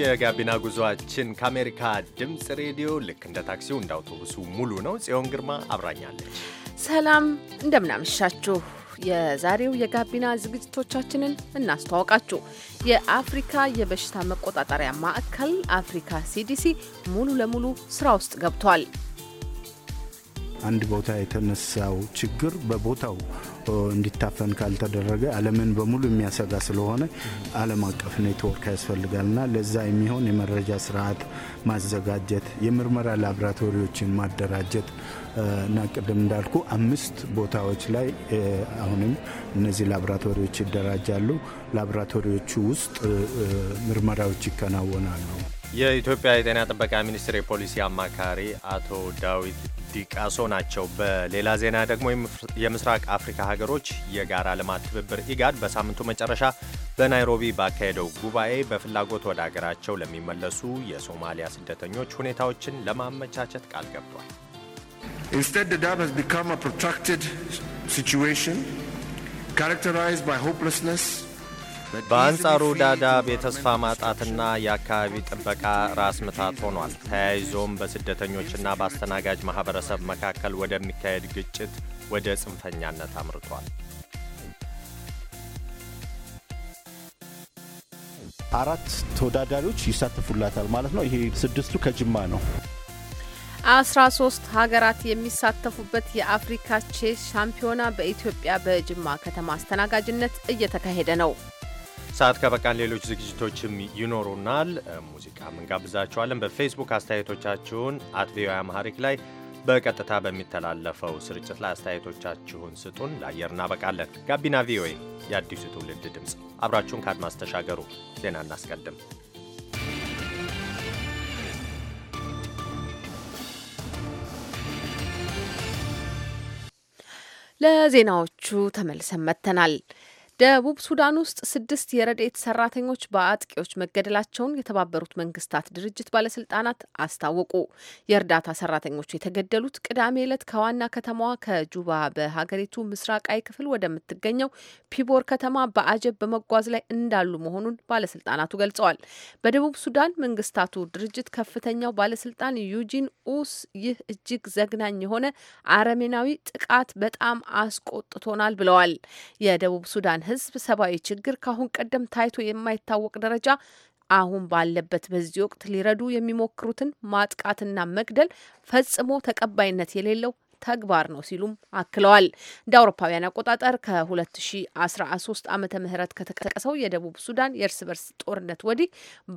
የጋቢና ጉዞአችን ከአሜሪካ ድምፅ ሬዲዮ ልክ እንደ ታክሲው እንደ አውቶቡሱ ሙሉ ነው። ጽዮን ግርማ አብራኛለች። ሰላም እንደምናመሻችሁ። የዛሬው የጋቢና ዝግጅቶቻችንን እናስተዋውቃችሁ። የአፍሪካ የበሽታ መቆጣጠሪያ ማዕከል አፍሪካ ሲዲሲ ሙሉ ለሙሉ ስራ ውስጥ ገብቷል። አንድ ቦታ የተነሳው ችግር በቦታው እንዲታፈን ካልተደረገ ዓለምን በሙሉ የሚያሰጋ ስለሆነ ዓለም አቀፍ ኔትወርክ ያስፈልጋልና ለዛ የሚሆን የመረጃ ስርዓት ማዘጋጀት፣ የምርመራ ላብራቶሪዎችን ማደራጀት እና ቅድም እንዳልኩ አምስት ቦታዎች ላይ አሁንም እነዚህ ላብራቶሪዎች ይደራጃሉ። ላብራቶሪዎቹ ውስጥ ምርመራዎች ይከናወናሉ። የኢትዮጵያ የጤና ጥበቃ ሚኒስቴር የፖሊሲ አማካሪ አቶ ዳዊት ዲቃሶ ናቸው። በሌላ ዜና ደግሞ የምስራቅ አፍሪካ ሀገሮች የጋራ ልማት ትብብር ኢጋድ በሳምንቱ መጨረሻ በናይሮቢ ባካሄደው ጉባኤ በፍላጎት ወደ ሀገራቸው ለሚመለሱ የሶማሊያ ስደተኞች ሁኔታዎችን ለማመቻቸት ቃል ገብቷል። Instead, the Dab has become a protracted situation characterized by hopelessness, በአንጻሩ ዳዳብ የተስፋ ማጣትና የአካባቢ ጥበቃ ራስ ምታት ሆኗል። ተያይዞም በስደተኞችና በአስተናጋጅ ማኅበረሰብ መካከል ወደሚካሄድ ግጭት፣ ወደ ጽንፈኛነት አምርቷል። አራት ተወዳዳሪዎች ይሳተፉላታል ማለት ነው። ይሄ ስድስቱ ከጅማ ነው። አስራ ሶስት ሀገራት የሚሳተፉበት የአፍሪካ ቼስ ሻምፒዮና በኢትዮጵያ በጅማ ከተማ አስተናጋጅነት እየተካሄደ ነው። ሰዓት ከበቃን ሌሎች ዝግጅቶችም ይኖሩናል። ሙዚቃም እንጋብዛችኋለን። በፌስቡክ አስተያየቶቻችሁን አት ቪኦኤ አማሪክ ላይ በቀጥታ በሚተላለፈው ስርጭት ላይ አስተያየቶቻችሁን ስጡን። ለአየር እናበቃለን። ጋቢና ቪኦኤ የአዲሱ ትውልድ ድምፅ፣ አብራችሁን ከአድማስ ተሻገሩ። ዜና እናስቀድም። ለዜናዎቹ ተመልሰን መጥተናል። ደቡብ ሱዳን ውስጥ ስድስት የረድኤት ሰራተኞች በአጥቂዎች መገደላቸውን የተባበሩት መንግስታት ድርጅት ባለስልጣናት አስታወቁ። የእርዳታ ሰራተኞቹ የተገደሉት ቅዳሜ ዕለት ከዋና ከተማዋ ከጁባ በሀገሪቱ ምስራቃዊ ክፍል ወደምትገኘው ፒቦር ከተማ በአጀብ በመጓዝ ላይ እንዳሉ መሆኑን ባለስልጣናቱ ገልጸዋል። በደቡብ ሱዳን መንግስታቱ ድርጅት ከፍተኛው ባለስልጣን ዩጂን ኡስ ይህ እጅግ ዘግናኝ የሆነ አረሜናዊ ጥቃት በጣም አስቆጥቶናል ብለዋል። የደቡብ ሱዳን ህዝብ ሰብአዊ ችግር ካሁን ቀደም ታይቶ የማይታወቅ ደረጃ አሁን ባለበት በዚህ ወቅት ሊረዱ የሚሞክሩትን ማጥቃትና መግደል ፈጽሞ ተቀባይነት የሌለው ተግባር ነው ሲሉም አክለዋል። እንደ አውሮፓውያን አቆጣጠር ከ2013 ዓመተ ምህረት ከተቀሰቀሰው የደቡብ ሱዳን የእርስ በርስ ጦርነት ወዲህ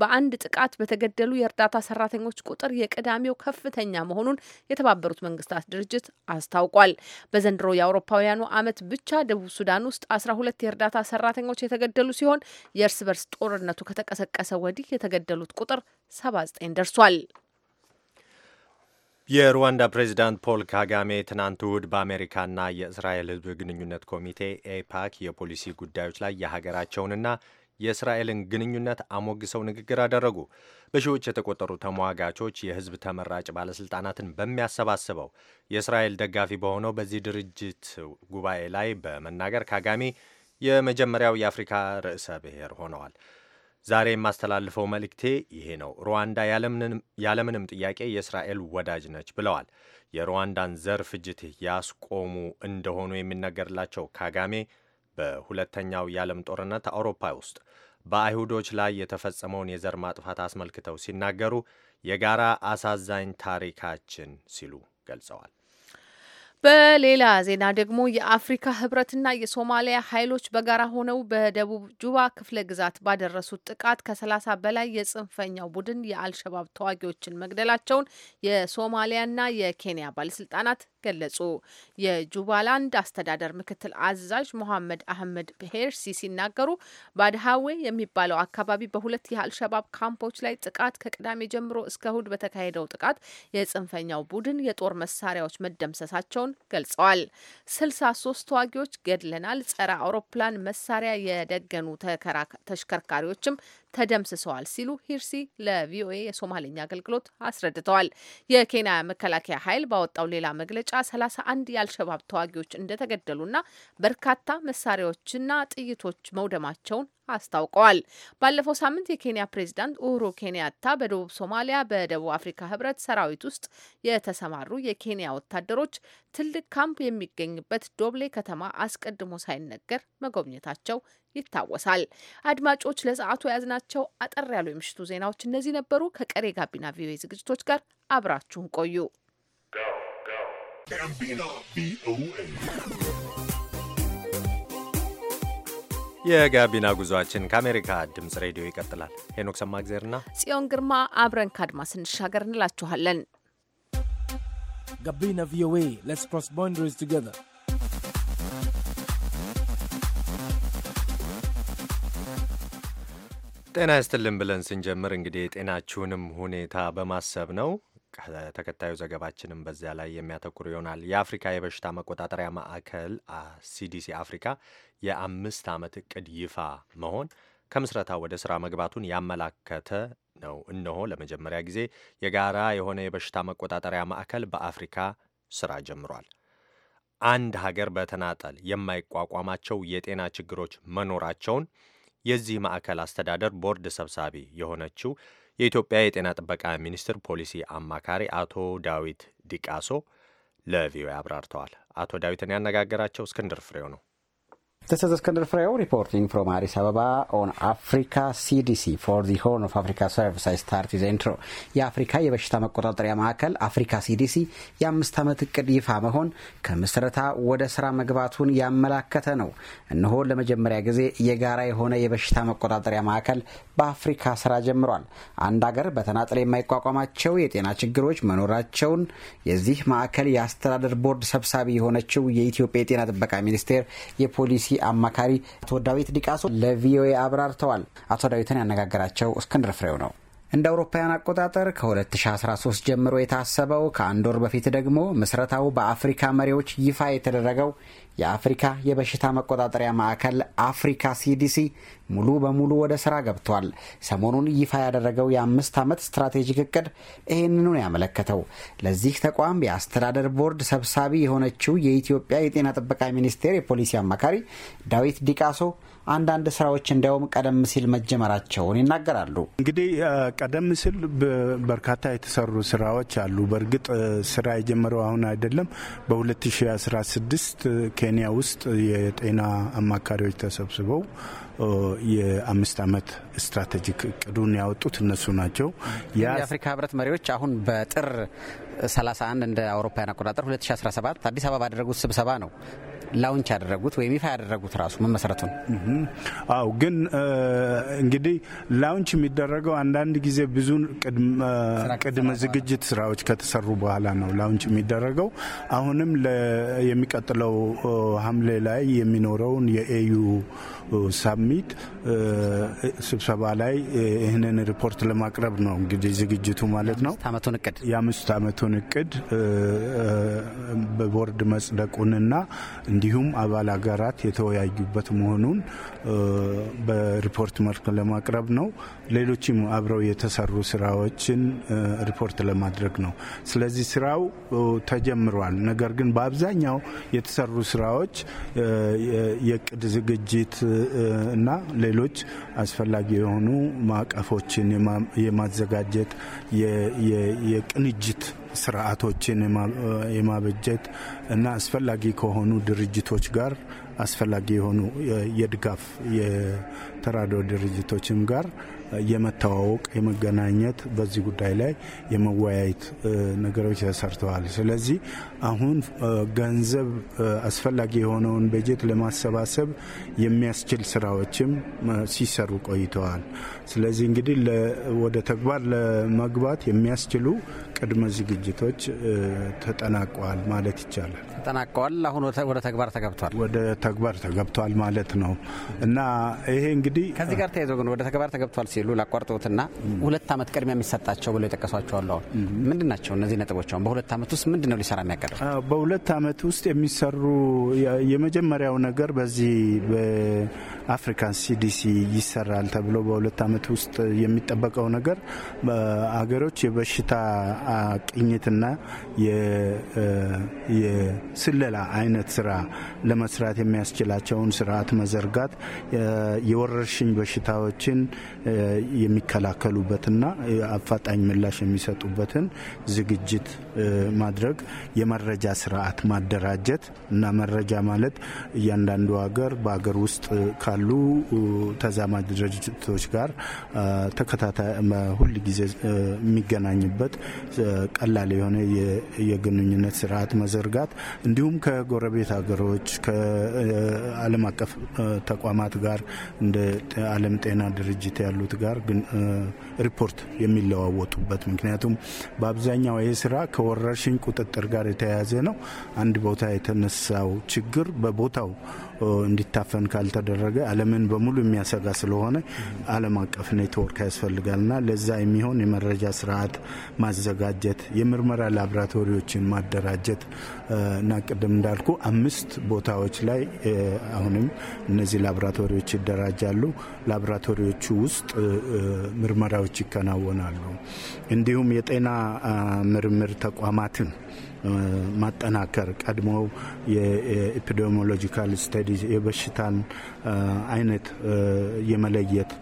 በአንድ ጥቃት በተገደሉ የእርዳታ ሰራተኞች ቁጥር የቅዳሜው ከፍተኛ መሆኑን የተባበሩት መንግስታት ድርጅት አስታውቋል። በዘንድሮ የአውሮፓውያኑ ዓመት ብቻ ደቡብ ሱዳን ውስጥ 12 የእርዳታ ሰራተኞች የተገደሉ ሲሆን የእርስ በርስ ጦርነቱ ከተቀሰቀሰ ወዲህ የተገደሉት ቁጥር 79 ደርሷል። የሩዋንዳ ፕሬዚዳንት ፖል ካጋሜ ትናንት እሁድ በአሜሪካና የእስራኤል ሕዝብ ግንኙነት ኮሚቴ ኤፓክ የፖሊሲ ጉዳዮች ላይ የሀገራቸውንና የእስራኤልን ግንኙነት አሞግሰው ንግግር አደረጉ። በሺዎች የተቆጠሩ ተሟጋቾች የህዝብ ተመራጭ ባለስልጣናትን በሚያሰባስበው የእስራኤል ደጋፊ በሆነው በዚህ ድርጅት ጉባኤ ላይ በመናገር ካጋሜ የመጀመሪያው የአፍሪካ ርዕሰ ብሔር ሆነዋል። ዛሬ የማስተላልፈው መልእክቴ ይሄ ነው። ሩዋንዳ ያለምንም ጥያቄ የእስራኤል ወዳጅ ነች ብለዋል። የሩዋንዳን ዘር ፍጅት ያስቆሙ እንደሆኑ የሚነገርላቸው ካጋሜ በሁለተኛው የዓለም ጦርነት አውሮፓ ውስጥ በአይሁዶች ላይ የተፈጸመውን የዘር ማጥፋት አስመልክተው ሲናገሩ የጋራ አሳዛኝ ታሪካችን ሲሉ ገልጸዋል። በሌላ ዜና ደግሞ የአፍሪካ ህብረትና የሶማሊያ ኃይሎች በጋራ ሆነው በደቡብ ጁባ ክፍለ ግዛት ባደረሱት ጥቃት ከሰላሳ በላይ የጽንፈኛው ቡድን የአልሸባብ ተዋጊዎችን መግደላቸውን የሶማሊያና የኬንያ ባለስልጣናት ገለጹ። የጁባላንድ አስተዳደር ምክትል አዛዥ ሞሐመድ አህመድ ሄርሲ ሲናገሩ ባድሃዌ የሚባለው አካባቢ በሁለት የአልሸባብ ካምፖች ላይ ጥቃት ከቅዳሜ ጀምሮ እስከ እሁድ በተካሄደው ጥቃት የጽንፈኛው ቡድን የጦር መሳሪያዎች መደምሰሳቸውን ገልጸዋል። ስልሳ ሶስት ተዋጊዎች ገድለናል፣ ጸረ አውሮፕላን መሳሪያ የደገኑ ተሽከርካሪዎችም ተደምስሰዋል ሲሉ ሂርሲ ለቪኦኤ የሶማሌኛ አገልግሎት አስረድተዋል። የኬንያ መከላከያ ኃይል ባወጣው ሌላ መግለጫ ሰላሳ አንድ የአልሸባብ ተዋጊዎች እንደተገደሉና በርካታ መሳሪያዎችና ጥይቶች መውደማቸውን አስታውቀዋል። ባለፈው ሳምንት የኬንያ ፕሬዚዳንት ኡሁሩ ኬንያታ በደቡብ ሶማሊያ በደቡብ አፍሪካ ህብረት ሰራዊት ውስጥ የተሰማሩ የኬንያ ወታደሮች ትልቅ ካምፕ የሚገኝበት ዶብሌ ከተማ አስቀድሞ ሳይነገር መጎብኘታቸው ይታወሳል። አድማጮች፣ ለሰዓቱ የያዝናቸው አጠር ያሉ የምሽቱ ዜናዎች እነዚህ ነበሩ። ከቀሬ ጋቢና ቪኦኤ ዝግጅቶች ጋር አብራችሁን ቆዩ። የጋቢና ጉዟችን ከአሜሪካ ድምፅ ሬዲዮ ይቀጥላል። ሄኖክ ሰማግዜርና ጽዮን ግርማ አብረን ካድማ ስንሻገር እንላችኋለን። ጋቢና ቪኦኤ ሌትስ ክሮስ ቦንደሪስ ቱጌዘር። ጤና ይስጥልን ብለን ስንጀምር እንግዲህ የጤናችሁንም ሁኔታ በማሰብ ነው። ተከታዩ ዘገባችንም በዚያ ላይ የሚያተኩር ይሆናል። የአፍሪካ የበሽታ መቆጣጠሪያ ማዕከል ሲዲሲ አፍሪካ የአምስት ዓመት እቅድ ይፋ መሆን ከምስረታ ወደ ስራ መግባቱን ያመላከተ ነው። እነሆ ለመጀመሪያ ጊዜ የጋራ የሆነ የበሽታ መቆጣጠሪያ ማዕከል በአፍሪካ ስራ ጀምሯል። አንድ ሀገር በተናጠል የማይቋቋማቸው የጤና ችግሮች መኖራቸውን የዚህ ማዕከል አስተዳደር ቦርድ ሰብሳቢ የሆነችው የኢትዮጵያ የጤና ጥበቃ ሚኒስቴር ፖሊሲ አማካሪ አቶ ዳዊት ዲቃሶ ለቪኦኤ አብራርተዋል። አቶ ዳዊትን ያነጋገራቸው እስክንድር ፍሬው ነው። This is Iskandar Freo reporting from Addis Ababa on Africa CDC for the Horn of Africa Service. I start his intro. የአፍሪካ የበሽታ መቆጣጠሪያ ማዕከል አፍሪካ ሲዲሲ የአምስት ዓመት እቅድ ይፋ መሆን ከምስረታ ወደ ስራ መግባቱን ያመላከተ ነው። እነሆ ለመጀመሪያ ጊዜ የጋራ የሆነ የበሽታ መቆጣጠሪያ ማዕከል በአፍሪካ ስራ ጀምሯል። አንድ አገር በተናጠል የማይቋቋማቸው የጤና ችግሮች መኖራቸውን የዚህ ማዕከል የአስተዳደር ቦርድ ሰብሳቢ የሆነችው የኢትዮጵያ የጤና ጥበቃ ሚኒስቴር የፖሊሲ አማካሪ አቶ ዳዊት ዲቃሶ ለቪኦኤ አብራርተዋል። አቶ ዳዊትን ያነጋገራቸው እስክንድር ፍሬው ነው። እንደ አውሮፓውያን አቆጣጠር ከ2013 ጀምሮ የታሰበው ከአንድ ወር በፊት ደግሞ ምስረታው በአፍሪካ መሪዎች ይፋ የተደረገው የአፍሪካ የበሽታ መቆጣጠሪያ ማዕከል አፍሪካ ሲዲሲ ሙሉ በሙሉ ወደ ስራ ገብቷል። ሰሞኑን ይፋ ያደረገው የአምስት ዓመት ስትራቴጂክ እቅድ ይህንኑን ያመለከተው። ለዚህ ተቋም የአስተዳደር ቦርድ ሰብሳቢ የሆነችው የኢትዮጵያ የጤና ጥበቃ ሚኒስቴር የፖሊሲ አማካሪ ዳዊት ዲቃሶ አንዳንድ ስራዎች እንዲያውም ቀደም ሲል መጀመራቸውን ይናገራሉ። እንግዲህ ቀደም ሲል በርካታ የተሰሩ ስራዎች አሉ። በእርግጥ ስራ የጀመረው አሁን አይደለም። በ2016 ኬንያ ውስጥ የጤና አማካሪዎች ተሰብስበው የአምስት ዓመት ስትራቴጂክ እቅዱን ያወጡት እነሱ ናቸው። የአፍሪካ ህብረት መሪዎች አሁን በጥር 31 እንደ አውሮፓውያን አቆጣጠር 2017 አዲስ አበባ ባደረጉት ስብሰባ ነው ላውንች ያደረጉት ወይም ይፋ ያደረጉት ራሱ መመሰረቱን። አዎ፣ ግን እንግዲህ ላውንች የሚደረገው አንዳንድ ጊዜ ብዙ ቅድመ ዝግጅት ስራዎች ከተሰሩ በኋላ ነው ላውንች የሚደረገው። አሁንም የሚቀጥለው ሐምሌ ላይ የሚኖረውን የኤዩ ሳሚት ስብሰባ ላይ ይህንን ሪፖርት ለማቅረብ ነው እንግዲህ ዝግጅቱ ማለት ነው። የአምስት አመቱን እቅድ በቦርድ መጽደቁንና እንዲሁም አባል ሀገራት የተወያዩበት መሆኑን በሪፖርት መልክ ለማቅረብ ነው። ሌሎችም አብረው የተሰሩ ስራዎችን ሪፖርት ለማድረግ ነው። ስለዚህ ስራው ተጀምሯል። ነገር ግን በአብዛኛው የተሰሩ ስራዎች የቅድ ዝግጅት እና ሌሎች አስፈላጊ የሆኑ ማዕቀፎችን የማዘጋጀት የቅንጅት ስርዓቶችን የማበጀት እና አስፈላጊ ከሆኑ ድርጅቶች ጋር አስፈላጊ የሆኑ የድጋፍ የተራድኦ ድርጅቶችም ጋር የመተዋወቅ የመገናኘት፣ በዚህ ጉዳይ ላይ የመወያየት ነገሮች ተሰርተዋል። ስለዚህ አሁን ገንዘብ አስፈላጊ የሆነውን በጀት ለማሰባሰብ የሚያስችል ስራዎችም ሲሰሩ ቆይተዋል። ስለዚህ እንግዲህ ወደ ተግባር ለመግባት የሚያስችሉ ቅድመ ዝግጅቶች ተጠናቀዋል ማለት ይቻላል። ተጠናቀዋል። አሁን ወደ ተግባር ተገብቷል። ወደ ተግባር ተገብቷል ማለት ነው እና ይሄ እንግዲህ ከዚህ ጋር ተያይዞ ግን ወደ ተግባር ተገብቷል ሲሉ ላቋርጦትና ሁለት ዓመት ቅድሚያ የሚሰጣቸው ብለው የጠቀሷቸው አሉ። አሁን ምንድን ናቸው እነዚህ ነጥቦች? አሁን በሁለት ዓመት ውስጥ ምንድን ነው ሊሰራ የሚያቀደው? በሁለት ዓመት ውስጥ የሚሰሩ የመጀመሪያው ነገር በዚህ በአፍሪካን ሲዲሲ ይሰራል ተብሎ በሁለት ዓመት ውስጥ የሚጠበቀው ነገር አገሮች የበሽታ ቅኝትና የስለላ አይነት ስራ ለመስራት የሚ የሚያስችላቸውን ስርዓት መዘርጋት የወረርሽኝ በሽታዎችን የሚከላከሉበትና አፋጣኝ ምላሽ የሚሰጡበትን ዝግጅት ማድረግ፣ የመረጃ ስርዓት ማደራጀት እና መረጃ ማለት እያንዳንዱ ሀገር በሀገር ውስጥ ካሉ ተዛማጅ ድርጅቶች ጋር ተከታታይ ሁል ጊዜ የሚገናኝበት ቀላል የሆነ የግንኙነት ስርዓት መዘርጋት እንዲሁም ከጎረቤት ሀገሮች ዓለም አቀፍ ተቋማት ጋር እንደ ዓለም ጤና ድርጅት ያሉት ጋር ግን ሪፖርት የሚለዋወጡበት ምክንያቱም በአብዛኛው ይህ ስራ ከወረርሽኝ ቁጥጥር ጋር የተያያዘ ነው። አንድ ቦታ የተነሳው ችግር በቦታው እንዲታፈን ካልተደረገ ዓለምን በሙሉ የሚያሰጋ ስለሆነ ዓለም አቀፍ ኔትወርክ ያስፈልጋልና ለዛ የሚሆን የመረጃ ስርዓት ማዘጋጀት፣ የምርመራ ላብራቶሪዎችን ማደራጀት እና ቅድም እንዳልኩ አምስት ቦታዎች ላይ አሁንም እነዚህ ላብራቶሪዎች ይደራጃሉ። ላብራቶሪዎቹ ውስጥ ምርመራዎች ይከናወናሉ። እንዲሁም የጤና ምርምር ተቋማትን ማጠናከር ቀድሞ የኤፒዲሚዮሎጂካል ስተዲስ የበሽታን አይነት የመለየት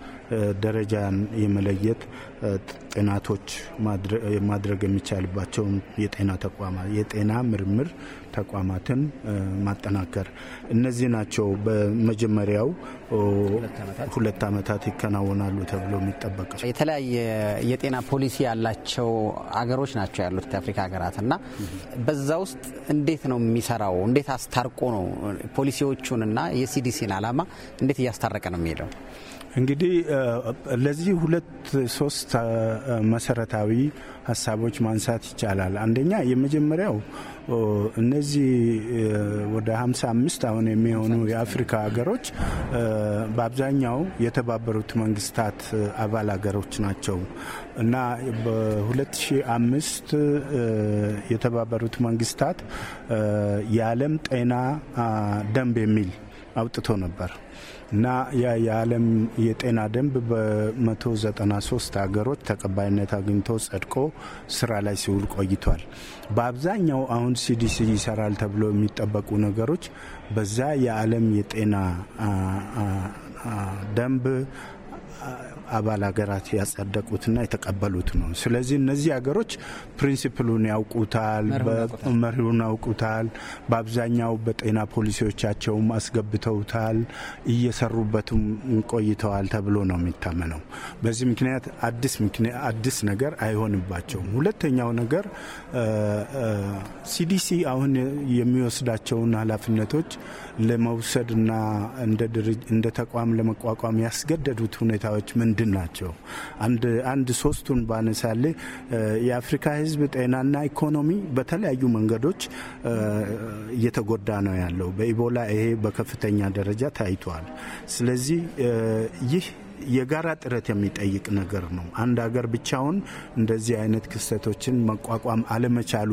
ደረጃን የመለየት ጥናቶች ማድረግ የሚቻልባቸውን የጤና ተቋማት የጤና ምርምር ተቋማትን ማጠናከር እነዚህ ናቸው። በመጀመሪያው ሁለት ዓመታት ይከናወናሉ ተብሎ የሚጠበቀው የተለያየ የጤና ፖሊሲ ያላቸው አገሮች ናቸው ያሉት የአፍሪካ ሀገራት እና በዛ ውስጥ እንዴት ነው የሚሰራው? እንዴት አስታርቆ ነው ፖሊሲዎቹንና የሲዲሲን ዓላማ እንዴት እያስታረቀ ነው የሚሄደው? እንግዲህ ለዚህ ሁለት ሶስት መሰረታዊ ሀሳቦች ማንሳት ይቻላል። አንደኛ የመጀመሪያው እነዚህ ወደ 55 አሁን የሚሆኑ የአፍሪካ ሀገሮች በአብዛኛው የተባበሩት መንግስታት አባል ሀገሮች ናቸው እና በ2005 የተባበሩት መንግስታት የዓለም ጤና ደንብ የሚል አውጥቶ ነበር። እና የዓለም የጤና ደንብ በ193 ሀገሮች ተቀባይነት አግኝቶ ጸድቆ ስራ ላይ ሲውል ቆይቷል። በአብዛኛው አሁን ሲዲሲ ይሰራል ተብሎ የሚጠበቁ ነገሮች በዛ የዓለም የጤና ደንብ አባል ሀገራት ያጸደቁትና የተቀበሉት ነው። ስለዚህ እነዚህ ሀገሮች ፕሪንሲፕሉን ያውቁታል፣ መሪውን ያውቁታል። በአብዛኛው በጤና ፖሊሲዎቻቸውም አስገብተውታል፣ እየሰሩበትም ቆይተዋል ተብሎ ነው የሚታመነው። በዚህ ምክንያት አዲስ ነገር አይሆንባቸውም። ሁለተኛው ነገር ሲዲሲ አሁን የሚወስዳቸውን ኃላፊነቶች ለመውሰድና እንደ ተቋም ለመቋቋም ያስገደዱት ሁኔታ ጉዳዮች ምንድን ናቸው? አንድ አንድ ሶስቱን ባነሳሌ የአፍሪካ ህዝብ ጤናና ኢኮኖሚ በተለያዩ መንገዶች እየተጎዳ ነው ያለው። በኢቦላ ይሄ በከፍተኛ ደረጃ ታይቷል። ስለዚህ ይህ የጋራ ጥረት የሚጠይቅ ነገር ነው። አንድ ሀገር ብቻውን እንደዚህ አይነት ክስተቶችን መቋቋም አለመቻሉ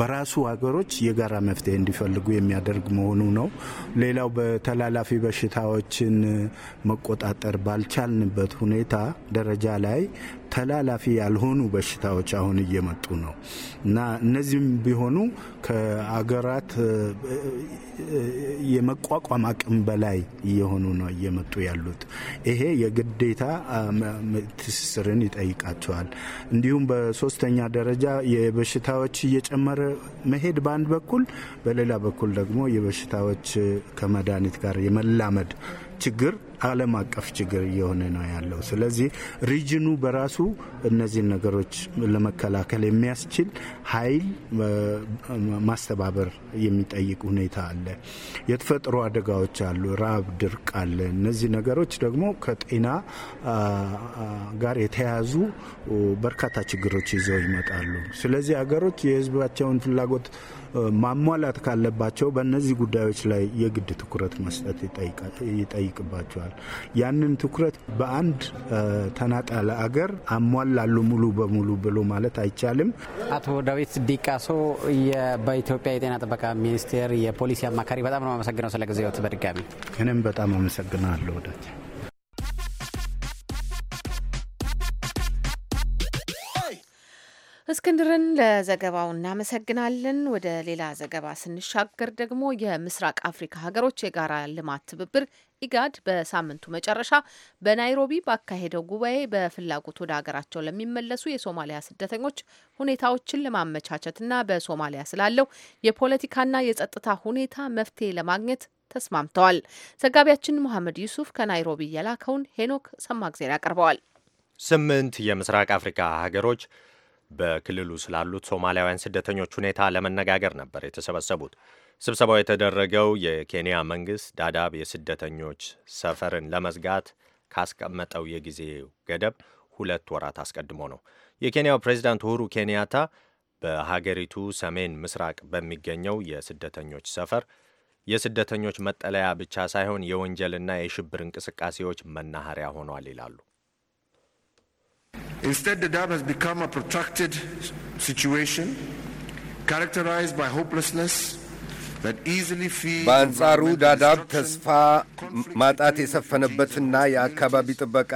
በራሱ ሀገሮች የጋራ መፍትሄ እንዲፈልጉ የሚያደርግ መሆኑ ነው። ሌላው በተላላፊ በሽታዎችን መቆጣጠር ባልቻልንበት ሁኔታ ደረጃ ላይ ተላላፊ ያልሆኑ በሽታዎች አሁን እየመጡ ነው እና እነዚህም ቢሆኑ ከአገራት የመቋቋም አቅም በላይ እየሆኑ ነው እየመጡ ያሉት። ይሄ የግዴታ ትስስርን ይጠይቃቸዋል። እንዲሁም በሶስተኛ ደረጃ የበሽታዎች እየጨመረ መሄድ በአንድ በኩል፣ በሌላ በኩል ደግሞ የበሽታዎች ከመድኃኒት ጋር የመላመድ ችግር ዓለም አቀፍ ችግር እየሆነ ነው ያለው። ስለዚህ ሪጅኑ በራሱ እነዚህን ነገሮች ለመከላከል የሚያስችል ኃይል ማስተባበር የሚጠይቅ ሁኔታ አለ። የተፈጥሮ አደጋዎች አሉ፣ ራብ፣ ድርቅ አለ። እነዚህ ነገሮች ደግሞ ከጤና ጋር የተያያዙ በርካታ ችግሮች ይዘው ይመጣሉ። ስለዚህ ሀገሮች የህዝባቸውን ፍላጎት ማሟላት ካለባቸው በእነዚህ ጉዳዮች ላይ የግድ ትኩረት መስጠት ይጠይቅባቸዋል። ያንን ትኩረት በአንድ ተናጣለ አገር አሟላሉ ሙሉ በሙሉ ብሎ ማለት አይቻልም። አቶ ዳዊት ዲቃሶ በኢትዮጵያ የጤና ጥበቃ ሚኒስቴር የፖሊሲ አማካሪ፣ በጣም ነው አመሰግነው ስለ ጊዜዎት። በድጋሚ እኔም በጣም አመሰግናለሁ ወዳጅ እስክንድርን ለዘገባው እናመሰግናለን። ወደ ሌላ ዘገባ ስንሻገር ደግሞ የምስራቅ አፍሪካ ሀገሮች የጋራ ልማት ትብብር ኢጋድ በሳምንቱ መጨረሻ በናይሮቢ ባካሄደው ጉባኤ በፍላጎት ወደ ሀገራቸው ለሚመለሱ የሶማሊያ ስደተኞች ሁኔታዎችን ለማመቻቸትና በሶማሊያ ስላለው የፖለቲካና የጸጥታ ሁኔታ መፍትሄ ለማግኘት ተስማምተዋል። ዘጋቢያችን መሐመድ ዩሱፍ ከናይሮቢ የላከውን ሄኖክ ሰማግዜር ያቀርበዋል። ስምንት የምስራቅ አፍሪካ ሀገሮች በክልሉ ስላሉት ሶማሊያውያን ስደተኞች ሁኔታ ለመነጋገር ነበር የተሰበሰቡት። ስብሰባው የተደረገው የኬንያ መንግስት ዳዳብ የስደተኞች ሰፈርን ለመዝጋት ካስቀመጠው የጊዜ ገደብ ሁለት ወራት አስቀድሞ ነው። የኬንያው ፕሬዚዳንት ሁሩ ኬንያታ በሀገሪቱ ሰሜን ምስራቅ በሚገኘው የስደተኞች ሰፈር የስደተኞች መጠለያ ብቻ ሳይሆን የወንጀልና የሽብር እንቅስቃሴዎች መናኸሪያ ሆኗል ይላሉ። Instead, the dam has become a protracted situation characterized by hopelessness. በአንጻሩ ዳዳብ ተስፋ ማጣት የሰፈነበትና የአካባቢ ጥበቃ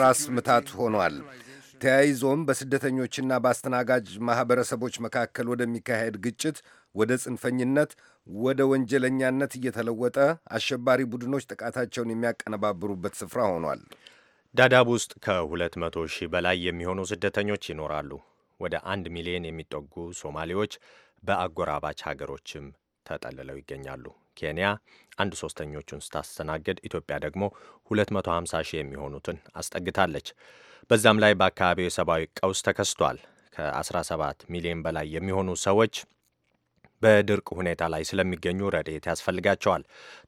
ራስ ምታት ሆኗል። ተያይዞም በስደተኞችና በአስተናጋጅ ማኅበረሰቦች መካከል ወደሚካሄድ ግጭት፣ ወደ ጽንፈኝነት፣ ወደ ወንጀለኛነት እየተለወጠ አሸባሪ ቡድኖች ጥቃታቸውን የሚያቀነባብሩበት ስፍራ ሆኗል። ዳዳብ ውስጥ ከ200 ሺህ በላይ የሚሆኑ ስደተኞች ይኖራሉ። ወደ አንድ ሚሊዮን የሚጠጉ ሶማሌዎች በአጎራባች ሀገሮችም ተጠልለው ይገኛሉ። ኬንያ አንድ ሶስተኞቹን ስታስተናግድ፣ ኢትዮጵያ ደግሞ 250 ሺህ የሚሆኑትን አስጠግታለች። በዛም ላይ በአካባቢው የሰብአዊ ቀውስ ተከስቷል። ከ17 ሚሊዮን በላይ የሚሆኑ ሰዎች በድርቅ ሁኔታ ላይ ስለሚገኙ ረድኤት ያስፈልጋቸዋል።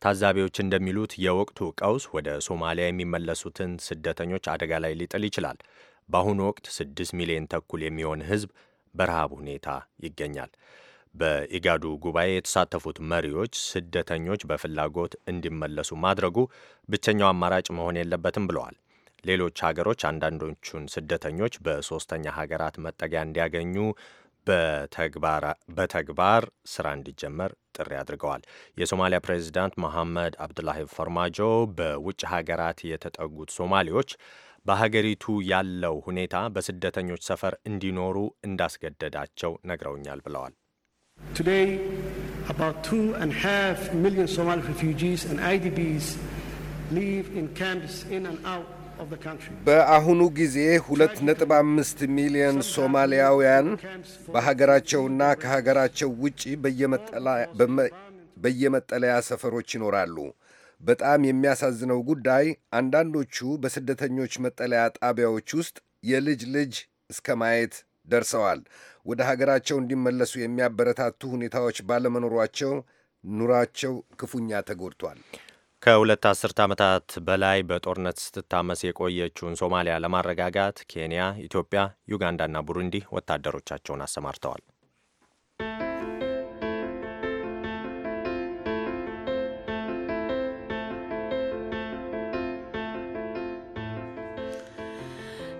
ታዛቢዎች እንደሚሉት የወቅቱ ቀውስ ወደ ሶማሊያ የሚመለሱትን ስደተኞች አደጋ ላይ ሊጥል ይችላል። በአሁኑ ወቅት ስድስት ሚሊዮን ተኩል የሚሆን ህዝብ በረሃብ ሁኔታ ይገኛል። በኢጋዱ ጉባኤ የተሳተፉት መሪዎች ስደተኞች በፍላጎት እንዲመለሱ ማድረጉ ብቸኛው አማራጭ መሆን የለበትም ብለዋል። ሌሎች ሀገሮች አንዳንዶቹን ስደተኞች በሶስተኛ ሀገራት መጠጊያ እንዲያገኙ በተግባር ስራ እንዲጀመር ጥሪ አድርገዋል። የሶማሊያ ፕሬዚዳንት መሐመድ አብዱላሂ ፈርማጆ በውጭ ሀገራት የተጠጉት ሶማሌዎች በሀገሪቱ ያለው ሁኔታ በስደተኞች ሰፈር እንዲኖሩ እንዳስገደዳቸው ነግረውኛል ብለዋል። Today, about two and a half million Somali refugees and live in camps in and out. በአሁኑ ጊዜ 2.5 ሚሊዮን ሶማሊያውያን በሀገራቸውና ከሀገራቸው ውጪ በየመጠለያ ሰፈሮች ይኖራሉ። በጣም የሚያሳዝነው ጉዳይ አንዳንዶቹ በስደተኞች መጠለያ ጣቢያዎች ውስጥ የልጅ ልጅ እስከ ማየት ደርሰዋል። ወደ ሀገራቸው እንዲመለሱ የሚያበረታቱ ሁኔታዎች ባለመኖሯቸው ኑራቸው ክፉኛ ተጎድቷል። ከሁለት አስርት ዓመታት በላይ በጦርነት ስትታመስ የቆየችውን ሶማሊያ ለማረጋጋት ኬንያ፣ ኢትዮጵያ፣ ዩጋንዳና ቡሩንዲ ወታደሮቻቸውን አሰማርተዋል።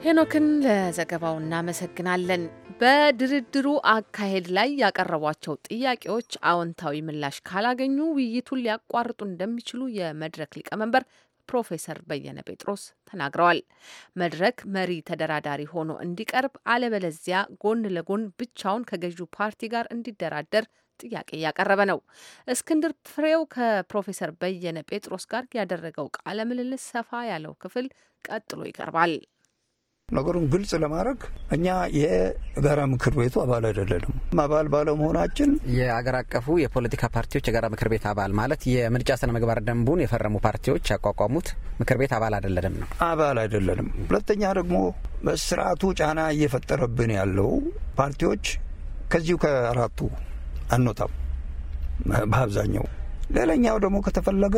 ሄኖክን ለዘገባው እናመሰግናለን። በድርድሩ አካሄድ ላይ ያቀረቧቸው ጥያቄዎች አዎንታዊ ምላሽ ካላገኙ ውይይቱን ሊያቋርጡ እንደሚችሉ የመድረክ ሊቀመንበር ፕሮፌሰር በየነ ጴጥሮስ ተናግረዋል። መድረክ መሪ ተደራዳሪ ሆኖ እንዲቀርብ፣ አለበለዚያ ጎን ለጎን ብቻውን ከገዢው ፓርቲ ጋር እንዲደራደር ጥያቄ እያቀረበ ነው። እስክንድር ፍሬው ከፕሮፌሰር በየነ ጴጥሮስ ጋር ያደረገው ቃለ ምልልስ ሰፋ ያለው ክፍል ቀጥሎ ይቀርባል። ነገሩን ግልጽ ለማድረግ እኛ የጋራ ምክር ቤቱ አባል አይደለንም። አባል ባለመሆናችን የአገር አቀፉ የፖለቲካ ፓርቲዎች የጋራ ምክር ቤት አባል ማለት የምርጫ ስነ ምግባር ደንቡን የፈረሙ ፓርቲዎች ያቋቋሙት ምክር ቤት አባል አይደለንም ነው። አባል አይደለንም። ሁለተኛ ደግሞ በስርዓቱ ጫና እየፈጠረብን ያለው ፓርቲዎች ከዚሁ ከአራቱ አንወጣም በአብዛኛው። ሌላኛው ደግሞ ከተፈለገ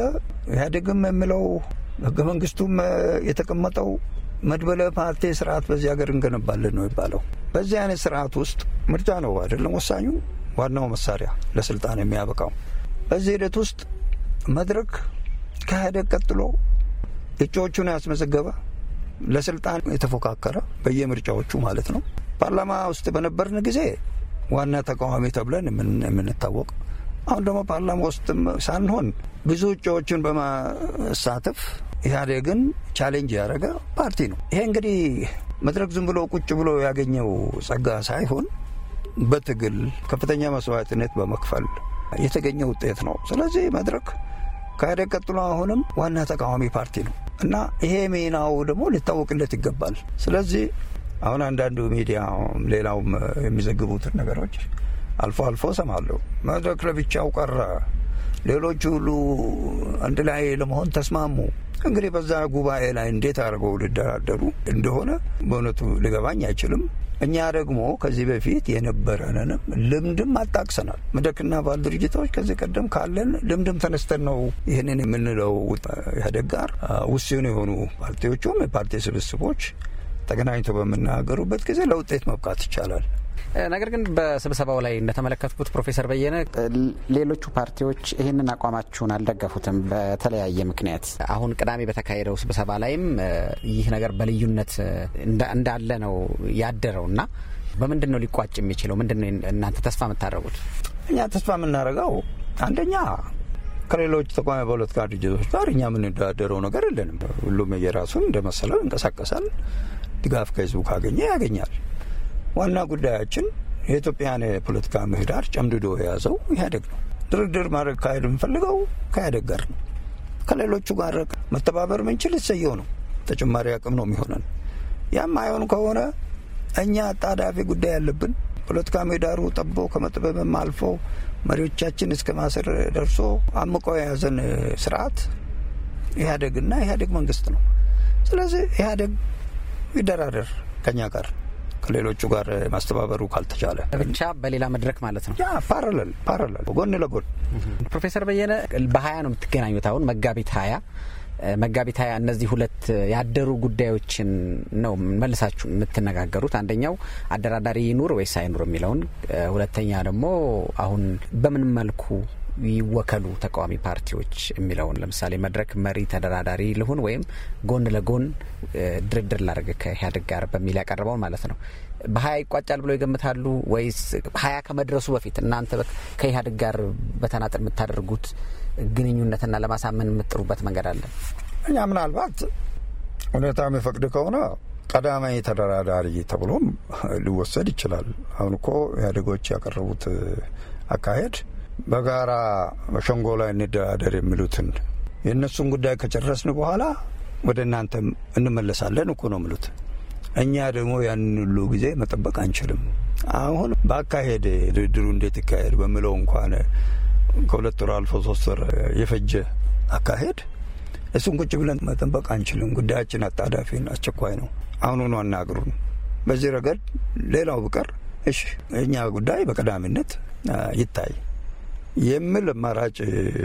ኢህአዴግም የሚለው ህገ መንግስቱም የተቀመጠው መድበለ ፓርቲ ስርዓት በዚህ ሀገር እንገነባለን ነው የሚባለው። በዚህ አይነት ስርዓት ውስጥ ምርጫ ነው አይደለም ወሳኙ ዋናው መሳሪያ ለስልጣን የሚያበቃው። በዚህ ሂደት ውስጥ መድረክ ከሄደ ቀጥሎ እጩዎቹን ያስመዘገበ ለስልጣን የተፎካከረ በየምርጫዎቹ ማለት ነው። ፓርላማ ውስጥ በነበርን ጊዜ ዋና ተቃዋሚ ተብለን የምንታወቅ አሁን ደግሞ ፓርላማ ውስጥም ሳንሆን ብዙ እጩዎችን በማሳተፍ ኢህአዴግን ቻሌንጅ ያደረገ ፓርቲ ነው። ይሄ እንግዲህ መድረክ ዝም ብሎ ቁጭ ብሎ ያገኘው ጸጋ ሳይሆን በትግል ከፍተኛ መስዋዕትነት በመክፈል የተገኘ ውጤት ነው። ስለዚህ መድረክ ከኢህአዴግ ቀጥሎ አሁንም ዋና ተቃዋሚ ፓርቲ ነው እና ይሄ ሚናው ደግሞ ሊታወቅለት ይገባል። ስለዚህ አሁን አንዳንዱ ሚዲያ ሌላውም የሚዘግቡትን ነገሮች አልፎ አልፎ ሰማለሁ። መድረክ ለብቻው ቀረ፣ ሌሎች ሁሉ አንድ ላይ ለመሆን ተስማሙ እንግዲህ በዛ ጉባኤ ላይ እንዴት አድርገው ሊደራደሩ እንደሆነ በእውነቱ ሊገባኝ አይችልም። እኛ ደግሞ ከዚህ በፊት የነበረንንም ልምድም አጣቅሰናል። መድረክና ባል ድርጅቶች ከዚህ ቀደም ካለን ልምድም ተነስተን ነው ይህንን የምንለው። ኢህአዴግ ጋር ውስን የሆኑ ፓርቲዎቹም የፓርቲ ስብስቦች ተገናኝቶ በምናገሩበት ጊዜ ለውጤት መብቃት ይቻላል። ነገር ግን በስብሰባው ላይ እንደተመለከትኩት ፕሮፌሰር በየነ ሌሎቹ ፓርቲዎች ይህንን አቋማችሁን አልደገፉትም በተለያየ ምክንያት። አሁን ቅዳሜ በተካሄደው ስብሰባ ላይም ይህ ነገር በልዩነት እንዳለ ነው ያደረው እና በምንድን ነው ሊቋጭ የሚችለው? ምንድን ነው እናንተ ተስፋ የምታደርጉት? እኛ ተስፋ የምናደርገው አንደኛ ከሌሎች ተቋሚ ፖለቲካ ድርጅቶች ጋር እኛ የምንደራደረው ነገር የለንም። ሁሉም የራሱን እንደመሰለው ይንቀሳቀሳል። ድጋፍ ከህዝቡ ካገኘ ያገኛል። ዋና ጉዳያችን የኢትዮጵያን የፖለቲካ ምህዳር ጨምድዶ የያዘው ኢህአዴግ ነው። ድርድር ማድረግ ካሄድ የምንፈልገው ከኢህአዴግ ጋር ነው። ከሌሎቹ ጋር መተባበር ምንችል ይሰየው ነው። ተጨማሪ አቅም ነው የሚሆነን። ያም አይሆን ከሆነ እኛ አጣዳፊ ጉዳይ ያለብን ፖለቲካ ምህዳሩ ጠቦ ከመጥበብም አልፎ መሪዎቻችን እስከ ማሰር ደርሶ አምቆ የያዘን ስርዓት ኢህአዴግና ኢህአዴግ መንግስት ነው። ስለዚህ ኢህአዴግ ይደራደር ከኛ ጋር ሌሎቹ ጋር ማስተባበሩ ካልተቻለ ብቻ በሌላ መድረክ ማለት ነው። ያ ፓራለል ፓራለል ጎን ለጎን ፕሮፌሰር በየነ በሀያ ነው የምትገናኙት አሁን መጋቢት ሀያ መጋቢት ሀያ እነዚህ ሁለት ያደሩ ጉዳዮችን ነው መልሳችሁ የምትነጋገሩት። አንደኛው አደራዳሪ ይኑር ወይስ አይኑር የሚለውን፣ ሁለተኛ ደግሞ አሁን በምን መልኩ ይወከሉ ተቃዋሚ ፓርቲዎች የሚለውን ለምሳሌ መድረክ መሪ ተደራዳሪ ልሁን ወይም ጎን ለጎን ድርድር ላደርግ ከኢህአዴግ ጋር በሚል ያቀረበውን ማለት ነው በሀያ ይቋጫል ብለው ይገምታሉ ወይስ ሀያ ከመድረሱ በፊት እናንተ ከኢህአዴግ ጋር በተናጥል የምታደርጉት ግንኙነትና ለማሳመን የምጥሩበት መንገድ አለ? እኛ ምናልባት ሁኔታ የሚፈቅድ ከሆነ ቀዳማዊ ተደራዳሪ ተብሎም ሊወሰድ ይችላል። አሁን እኮ ኢህአዴጎች ያቀረቡት አካሄድ በጋራ ሸንጎ ላይ እንደራደር የሚሉትን የእነሱን ጉዳይ ከጨረስን በኋላ ወደ እናንተ እንመለሳለን እኮ ነው የሚሉት። እኛ ደግሞ ያንን ሁሉ ጊዜ መጠበቅ አንችልም። አሁን በአካሄድ ድርድሩ እንዴት ይካሄድ በሚለው እንኳን ከሁለት ወር አልፎ ሶስት ወር የፈጀ አካሄድ እሱን ቁጭ ብለን መጠበቅ አንችልም። ጉዳያችን አጣዳፊ፣ አስቸኳይ ነው። አሁኑኑ አናግሩን። በዚህ ረገድ ሌላው ብቀር እሺ፣ የእኛ ጉዳይ በቀዳሚነት ይታይ የሚል አማራጭ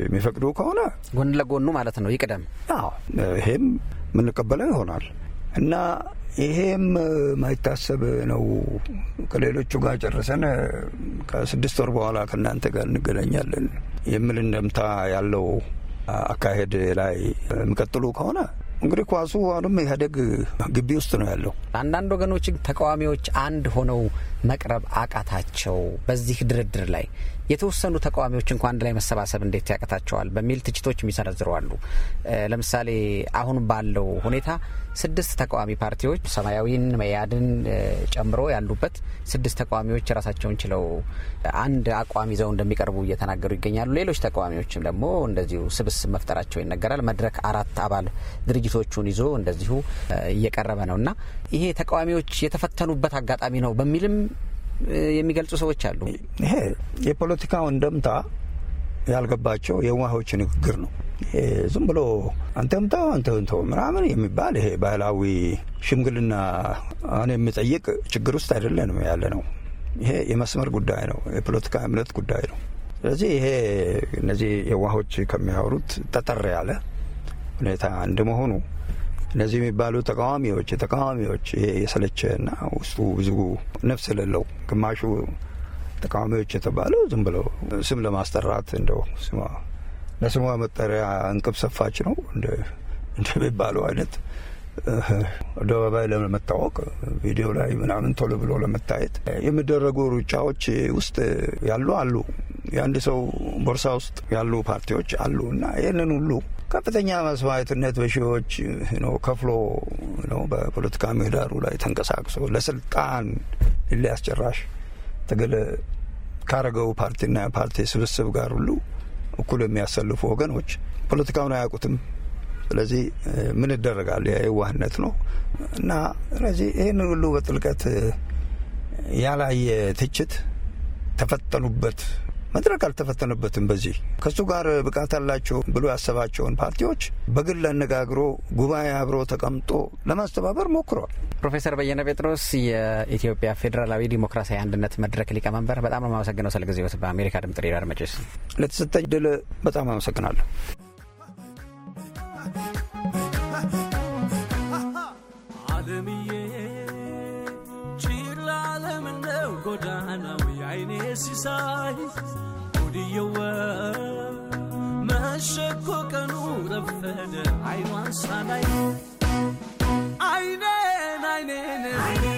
የሚፈቅዱ ከሆነ ጎን ለጎኑ ማለት ነው ይቅደም። አዎ ይሄም የምንቀበለው ይሆናል እና ይሄም ማይታሰብ ነው። ከሌሎቹ ጋር ጨርሰን ከስድስት ወር በኋላ ከእናንተ ጋር እንገናኛለን የሚል እንደምታ ያለው አካሄድ ላይ የሚቀጥሉ ከሆነ እንግዲህ ኳሱ አሁንም ኢህአዴግ ግቢ ውስጥ ነው ያለው። አንዳንድ ወገኖች ተቃዋሚዎች አንድ ሆነው መቅረብ አቃታቸው በዚህ ድርድር ላይ የተወሰኑ ተቃዋሚዎች እንኳ አንድ ላይ መሰባሰብ እንዴት ያቀታቸዋል በሚል ትችቶች የሚሰነዝሩ አሉ። ለምሳሌ አሁን ባለው ሁኔታ ስድስት ተቃዋሚ ፓርቲዎች ሰማያዊን፣ መያድን ጨምሮ ያሉበት ስድስት ተቃዋሚዎች ራሳቸውን ችለው አንድ አቋም ይዘው እንደሚቀርቡ እየተናገሩ ይገኛሉ። ሌሎች ተቃዋሚዎችም ደግሞ እንደዚሁ ስብስብ መፍጠራቸው ይነገራል። መድረክ አራት አባል ድርጅቶቹን ይዞ እንደዚሁ እየቀረበ ነው እና ይሄ ተቃዋሚዎች የተፈተኑበት አጋጣሚ ነው በሚልም የሚገልጹ ሰዎች አሉ። ይሄ የፖለቲካው እንደምታ ያልገባቸው የዋሆች ንግግር ነው። ዝም ብሎ አንተምታ አንተንተው ምናምን የሚባል ይሄ ባህላዊ ሽምግልና አሁን የሚጠይቅ ችግር ውስጥ አይደለንም ያለ ነው። ይሄ የመስመር ጉዳይ ነው። የፖለቲካ እምነት ጉዳይ ነው። ስለዚህ ይሄ እነዚህ የዋሆች ከሚያወሩት ጠጠር ያለ ሁኔታ እንደመሆኑ እነዚህ የሚባሉ ተቃዋሚዎች ተቃዋሚዎች የሰለቸ እና ውስጡ ብዙ ነፍስ የሌለው ግማሹ ተቃዋሚዎች የተባለው ዝም ብለው ስም ለማስጠራት እንደው ስሟ ለስሟ መጠሪያ እንቅብ ሰፋች ነው እንደሚባለው አይነት አደባባይ ለመታወቅ ቪዲዮ ላይ ምናምን ቶሎ ብሎ ለመታየት የሚደረጉ ሩጫዎች ውስጥ ያሉ አሉ። የአንድ ሰው ቦርሳ ውስጥ ያሉ ፓርቲዎች አሉ እና ይህንን ሁሉ ከፍተኛ መስዋዕትነት በሺዎች ከፍሎ በፖለቲካ ምህዳሩ ላይ ተንቀሳቅሶ ለስልጣን ሊያስጨራሽ ትግል ካረገው ፓርቲና ፓርቲ ስብስብ ጋር ሁሉ እኩል የሚያሰልፉ ወገኖች ፖለቲካውን አያውቁትም። ስለዚህ ምን ይደረጋል? የዋህነት ነው እና ስለዚህ ይህንን ሁሉ በጥልቀት ያላየ ትችት ተፈጠኑበት መድረክ አልተፈተነበትም። በዚህ ከእሱ ጋር ብቃት አላቸው ብሎ ያሰባቸውን ፓርቲዎች በግል አነጋግሮ ጉባኤ አብሮ ተቀምጦ ለማስተባበር ሞክሯል። ፕሮፌሰር በየነ ጴጥሮስ የኢትዮጵያ ፌዴራላዊ ዲሞክራሲያዊ አንድነት መድረክ ሊቀመንበር፣ በጣም አመሰግነው ስለ ጊዜዎት። በአሜሪካ ድምጽ ሬዲዮ አድማጮች ለተሰጠኝ ድል በጣም አመሰግናለሁ። God, and we are in his side. Who do you were? Masha Kokanood of Feather. I want Sunday. know, I know, I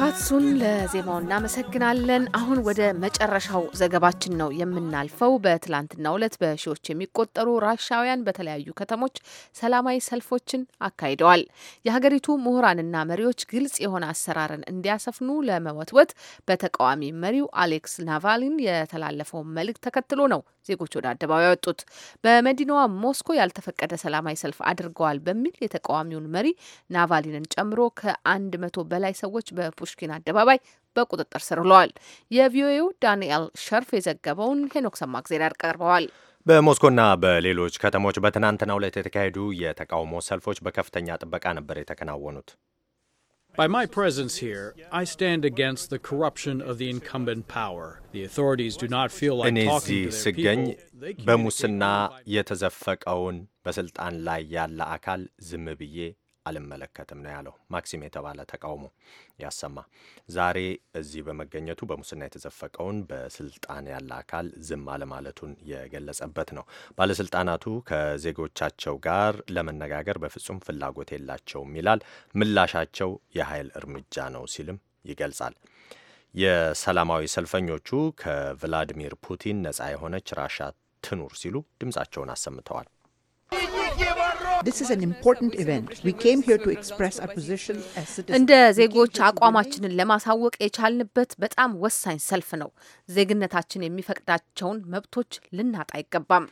ፋትሱን ለዜማው እናመሰግናለን። አሁን ወደ መጨረሻው ዘገባችን ነው የምናልፈው። በትላንትናው ዕለት በሺዎች የሚቆጠሩ ራሻውያን በተለያዩ ከተሞች ሰላማዊ ሰልፎችን አካሂደዋል። የሀገሪቱ ምሁራንና መሪዎች ግልጽ የሆነ አሰራርን እንዲያሰፍኑ ለመወትወት በተቃዋሚ መሪው አሌክስ ናቫሊን የተላለፈውን መልእክት ተከትሎ ነው ዜጎች ወደ አደባባይ ያወጡት። በመዲናዋ ሞስኮ ያልተፈቀደ ሰላማዊ ሰልፍ አድርገዋል በሚል የተቃዋሚውን መሪ ናቫሊንን ጨምሮ ከአንድ መቶ በላይ ሰዎች በፑሽኪን አደባባይ በቁጥጥር ስር ውለዋል። የቪኦኤው ዳንኤል ሸርፍ የዘገበውን ሄኖክ ሰማግዜር ያቀርበዋል። በሞስኮና በሌሎች ከተሞች በትናንትናው ዕለት የተካሄዱ የተቃውሞ ሰልፎች በከፍተኛ ጥበቃ ነበር የተከናወኑት። By my presence here, I stand against the corruption of the incumbent power. The authorities do not feel like talking to ስገኝ አልመለከትም ነው ያለው። ማክሲም የተባለ ተቃውሞ ያሰማ ዛሬ እዚህ በመገኘቱ በሙስና የተዘፈቀውን በስልጣን ያለ አካል ዝም አለማለቱን የገለጸበት ነው። ባለስልጣናቱ ከዜጎቻቸው ጋር ለመነጋገር በፍጹም ፍላጎት የላቸውም ይላል። ምላሻቸው የኃይል እርምጃ ነው ሲልም ይገልጻል። የሰላማዊ ሰልፈኞቹ ከቭላዲሚር ፑቲን ነጻ የሆነች ራሻ ትኑር ሲሉ ድምጻቸውን አሰምተዋል። እንደ ዜጎች አቋማችንን ለማሳወቅ የቻልንበት በጣም ወሳኝ ሰልፍ ነው። ዜግነታችን የሚፈቅዳቸውን መብቶች ልናጣ አይገባም።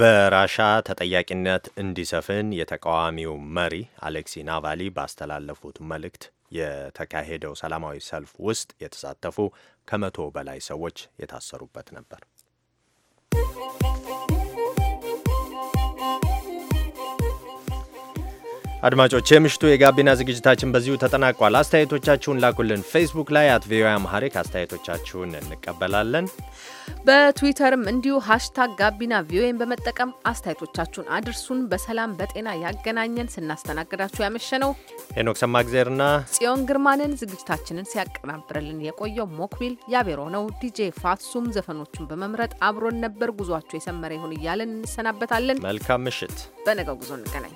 በራሻ ተጠያቂነት እንዲሰፍን የተቃዋሚው መሪ አሌክሲ ናቫሊ ባስተላለፉት መልእክት የተካሄደው ሰላማዊ ሰልፍ ውስጥ የተሳተፉ ከመቶ በላይ ሰዎች የታሰሩበት ነበር። አድማጮች የምሽቱ የጋቢና ዝግጅታችን በዚሁ ተጠናቋል። አስተያየቶቻችሁን ላኩልን። ፌስቡክ ላይ አት ቪኦኤ አምሃሪክ አስተያየቶቻችሁን እንቀበላለን። በትዊተርም እንዲሁ ሀሽታግ ጋቢና ቪኦኤን በመጠቀም አስተያየቶቻችሁን አድርሱን። በሰላም በጤና ያገናኘን። ስናስተናግዳችሁ ያመሸ ነው ሄኖክ ሰማግዜርና ጽዮን ግርማንን። ዝግጅታችንን ሲያቀናብርልን የቆየው ሞክቢል ያቤሮ ነው። ዲጄ ፋትሱም ዘፈኖቹን በመምረጥ አብሮን ነበር። ጉዟችሁ የሰመረ ይሁን እያለን እንሰናበታለን። መልካም ምሽት። በነገው ጉዞ እንገናኝ።